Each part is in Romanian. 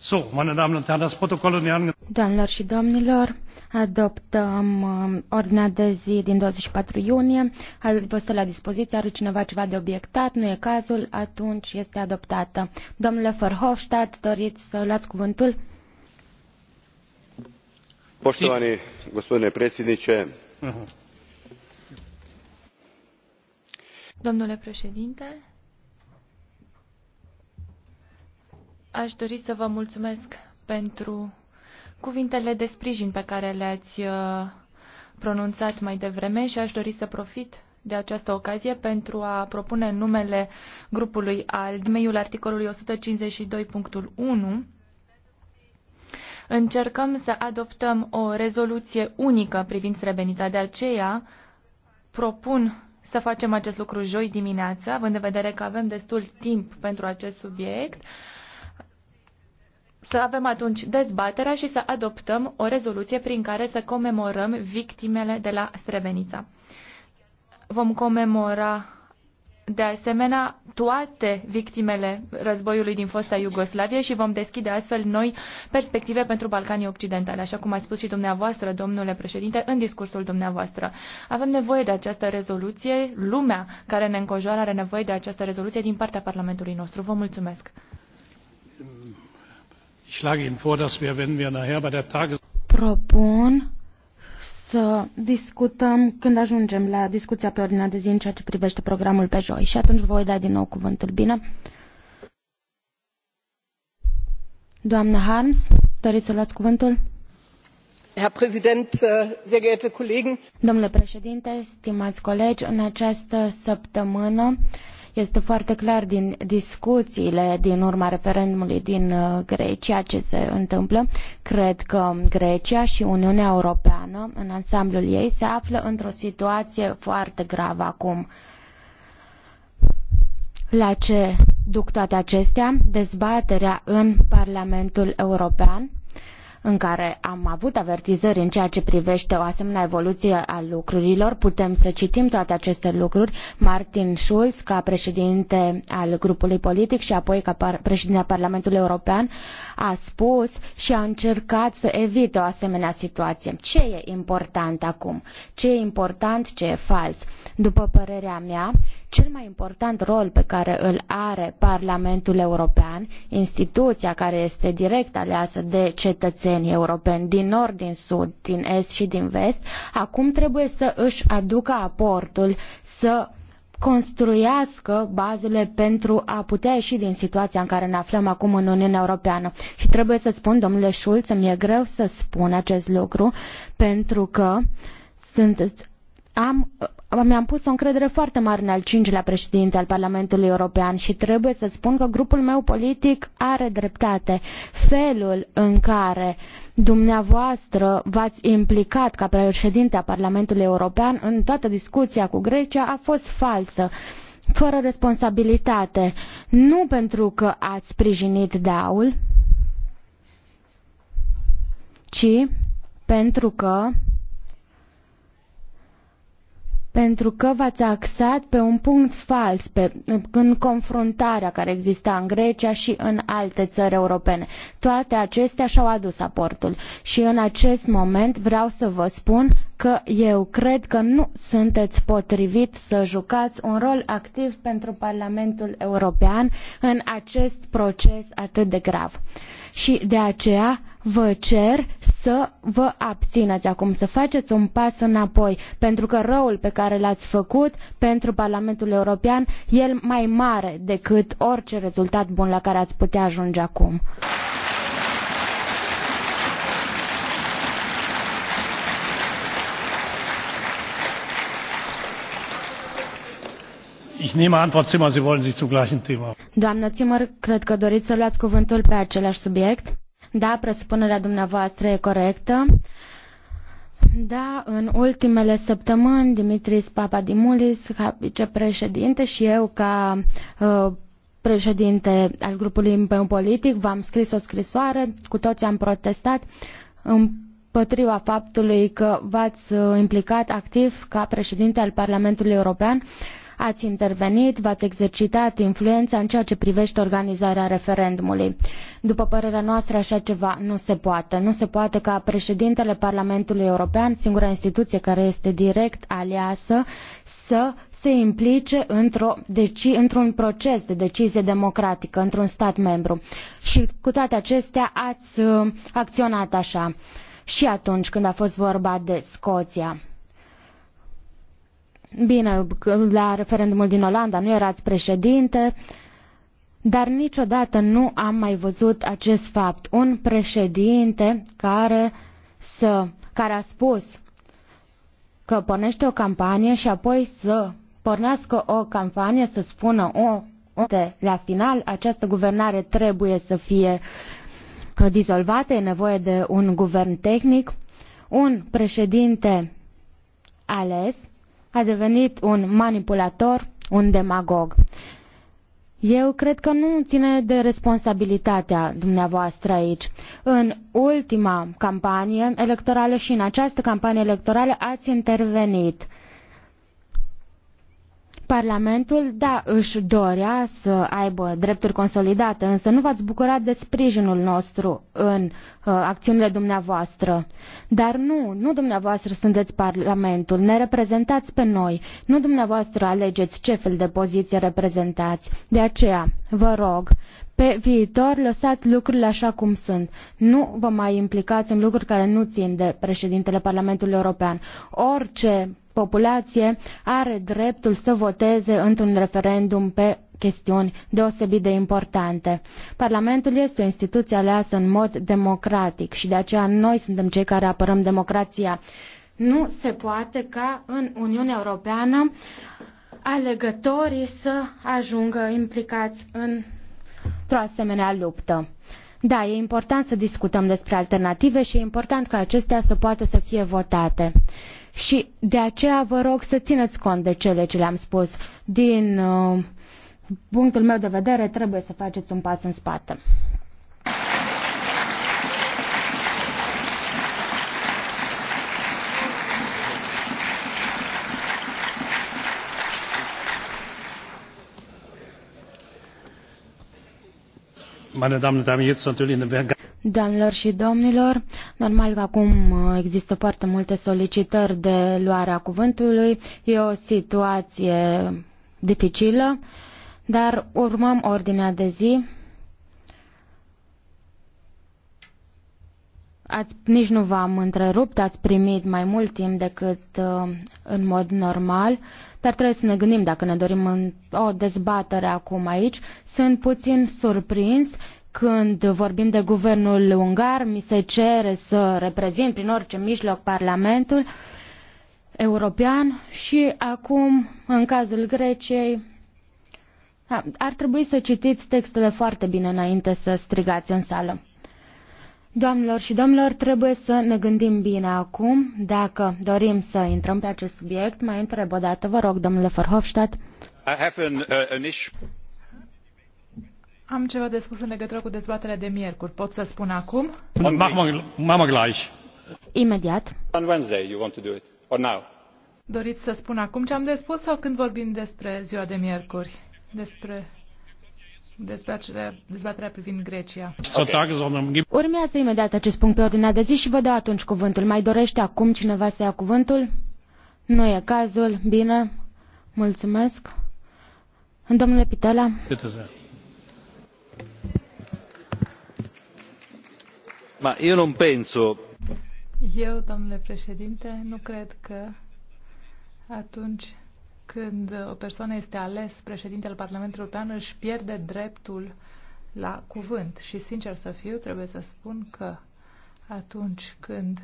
So, meine Damen und Herren, das Protokoll und die Doamnelor și domnilor, adoptăm um, ordinea de zi din 24 iunie. Vă stă la dispoziție, are cineva ceva de obiectat, nu e cazul, atunci este adoptată. Domnule Verhofstadt, doriți să luați cuvântul? Poštovani gospodine președinte. Domnule președinte, Aș dori să vă mulțumesc pentru cuvintele de sprijin pe care le-ați uh, pronunțat mai devreme și aș dori să profit de această ocazie pentru a propune numele grupului al meiul articolului 152.1 încercăm să adoptăm o rezoluție unică privind Srebrenica. De aceea propun să facem acest lucru joi dimineață, având în vedere că avem destul timp pentru acest subiect să avem atunci dezbaterea și să adoptăm o rezoluție prin care să comemorăm victimele de la Srebrenica. Vom comemora de asemenea toate victimele războiului din fosta Iugoslavie și vom deschide astfel noi perspective pentru Balcanii Occidentale, așa cum a spus și dumneavoastră, domnule președinte, în discursul dumneavoastră. Avem nevoie de această rezoluție, lumea care ne înconjoară are nevoie de această rezoluție din partea Parlamentului nostru. Vă mulțumesc! Propun să discutăm când ajungem la discuția pe ordinea de zi în ceea ce privește programul pe joi și atunci voi da din nou cuvântul. Bine? Doamna Harms, doriți să luați cuvântul? Herr Präsident, äh, sehr geehrte Kollegen, Domnule președinte, stimați colegi, în această săptămână este foarte clar din discuțiile din urma referendumului din uh, Grecia ce se întâmplă. Cred că Grecia și Uniunea Europeană în ansamblul ei se află într-o situație foarte gravă acum. La ce duc toate acestea? Dezbaterea în Parlamentul European în care am avut avertizări în ceea ce privește o asemenea evoluție a lucrurilor. Putem să citim toate aceste lucruri. Martin Schulz, ca președinte al grupului politic și apoi ca par- președinte al Parlamentului European, a spus și a încercat să evite o asemenea situație. Ce e important acum? Ce e important, ce e fals? După părerea mea, cel mai important rol pe care îl are Parlamentul European, instituția care este direct aleasă de cetățenii europeni din nord, din sud, din est și din vest, acum trebuie să își aducă aportul, să construiască bazele pentru a putea ieși din situația în care ne aflăm acum în Uniunea Europeană. Și trebuie să spun, domnule Schulz, îmi e greu să spun acest lucru, pentru că sunteți am, uh, mi-am pus o încredere foarte mare în al cincilea președinte al Parlamentului European și trebuie să spun că grupul meu politic are dreptate. Felul în care dumneavoastră v-ați implicat ca președinte a Parlamentului European în toată discuția cu Grecia a fost falsă fără responsabilitate, nu pentru că ați sprijinit daul, ci pentru că pentru că v-ați axat pe un punct fals pe, în confruntarea care exista în Grecia și în alte țări europene. Toate acestea și-au adus aportul și în acest moment vreau să vă spun că eu cred că nu sunteți potrivit să jucați un rol activ pentru Parlamentul European în acest proces atât de grav. Și de aceea vă cer să vă abțineți acum, să faceți un pas înapoi, pentru că răul pe care l-ați făcut pentru Parlamentul European e mai mare decât orice rezultat bun la care ați putea ajunge acum. Doamnă Zimmer, cred că doriți să luați cuvântul pe același subiect. Da, presupunerea dumneavoastră e corectă. Da, în ultimele săptămâni, Dimitris Papadimulis, ca vicepreședinte și eu ca uh, președinte al grupului meu politic, v-am scris o scrisoare, cu toți am protestat împotriva faptului că v-ați uh, implicat activ ca președinte al Parlamentului European uh, Ați intervenit, v-ați exercitat influența în ceea ce privește organizarea referendumului. După părerea noastră, așa ceva nu se poate. Nu se poate ca președintele Parlamentului European, singura instituție care este direct aliasă, să se implice într-o deci, într-un proces de decizie democratică într-un stat membru. Și cu toate acestea ați uh, acționat așa și atunci când a fost vorba de Scoția. Bine, la referendumul din Olanda nu erați președinte, dar niciodată nu am mai văzut acest fapt. Un președinte care, să, care a spus că pornește o campanie și apoi să pornească o campanie să spună o la final această guvernare trebuie să fie dizolvată, e nevoie de un guvern tehnic, un președinte ales a devenit un manipulator, un demagog. Eu cred că nu ține de responsabilitatea dumneavoastră aici. În ultima campanie electorală și în această campanie electorală ați intervenit. Parlamentul, da, își dorea să aibă drepturi consolidate, însă nu v-ați bucurat de sprijinul nostru în uh, acțiunile dumneavoastră. Dar nu, nu dumneavoastră sunteți Parlamentul, ne reprezentați pe noi, nu dumneavoastră alegeți ce fel de poziție reprezentați. De aceea, vă rog, pe viitor lăsați lucrurile așa cum sunt. Nu vă mai implicați în lucruri care nu țin de președintele Parlamentului European. Orice populație are dreptul să voteze într-un referendum pe chestiuni deosebit de importante. Parlamentul este o instituție aleasă în mod democratic și de aceea noi suntem cei care apărăm democrația. Nu se poate ca în Uniunea Europeană alegătorii să ajungă implicați în o asemenea luptă. Da, e important să discutăm despre alternative și e important ca acestea să poată să fie votate. Și de aceea vă rog să țineți cont de cele ce le-am spus. Din uh, punctul meu de vedere, trebuie să faceți un pas în spate. meine damen und herren jetzt natürlich Doamnelor și domnilor, normal că acum uh, există foarte multe solicitări de luarea cuvântului, e o situație dificilă, dar urmăm ordinea de zi. Ați, nici nu v-am întrerupt, ați primit mai mult timp decât uh, în mod normal, dar trebuie să ne gândim dacă ne dorim în, o dezbatere acum aici. Sunt puțin surprins când vorbim de guvernul ungar, mi se cere să reprezint prin orice mijloc Parlamentul european și acum, în cazul Greciei, ar trebui să citiți textele foarte bine înainte să strigați în sală. Doamnelor și domnilor, trebuie să ne gândim bine acum dacă dorim să intrăm pe acest subiect. Mai întreb o dată, vă rog, domnule Verhofstadt. Uh, am ceva de spus în legătură cu dezbaterea de miercuri. Pot să spun acum? Mama gleich. Imediat. On Wednesday you want to do it, or now? Doriți să spun acum ce am de spus sau când vorbim despre ziua de miercuri? Despre dezbaterea, dezbaterea privind Grecia. Okay. Urmează imediat acest punct pe ordinea de zi și vă dau atunci cuvântul. Mai dorește acum cineva să ia cuvântul? Nu e cazul. Bine. Mulțumesc. Domnule Pitela. Citizen. eu Eu, domnule președinte, nu cred că atunci când o persoană este ales președinte al Parlamentului European, își pierde dreptul la cuvânt. Și, sincer să fiu, trebuie să spun că atunci când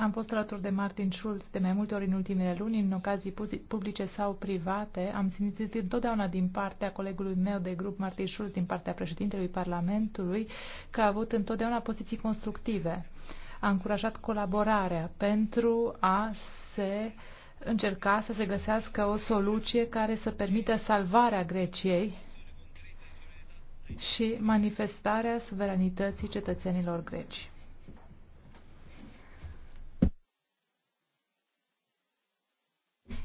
Am fost alături de Martin Schulz de mai multe ori în ultimele luni, în ocazii publice sau private. Am simțit întotdeauna din partea colegului meu de grup, Martin Schulz, din partea președintelui Parlamentului, că a avut întotdeauna poziții constructive. A încurajat colaborarea pentru a se încerca să se găsească o soluție care să permită salvarea Greciei și manifestarea suveranității cetățenilor greci.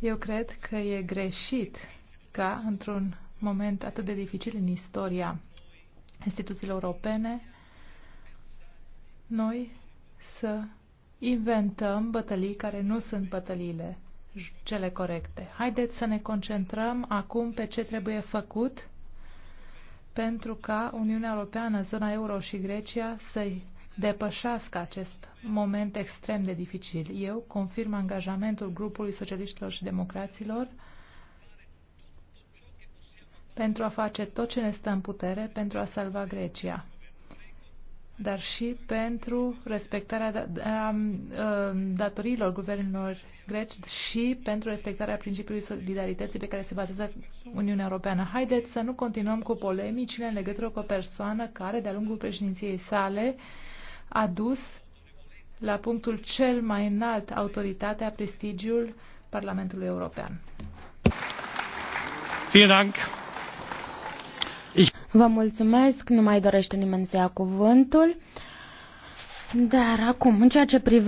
Eu cred că e greșit ca într-un moment atât de dificil în istoria instituțiilor europene noi să inventăm bătălii care nu sunt bătăliile cele corecte. Haideți să ne concentrăm acum pe ce trebuie făcut pentru ca Uniunea Europeană, zona euro și Grecia să-i depășească acest moment extrem de dificil. Eu confirm angajamentul grupului socialiștilor și democraților pentru a face tot ce ne stă în putere pentru a salva Grecia, dar și pentru respectarea da, da, um, datoriilor guvernelor greci și pentru respectarea principiului solidarității pe care se bazează Uniunea Europeană. Haideți să nu continuăm cu polemicile în legătură cu o persoană care, de-a lungul președinției sale, a dus la punctul cel mai înalt autoritatea, prestigiul Parlamentului European. Vă mulțumesc, nu mai dorește nimeni să ia cuvântul. Dar acum, în ceea ce privește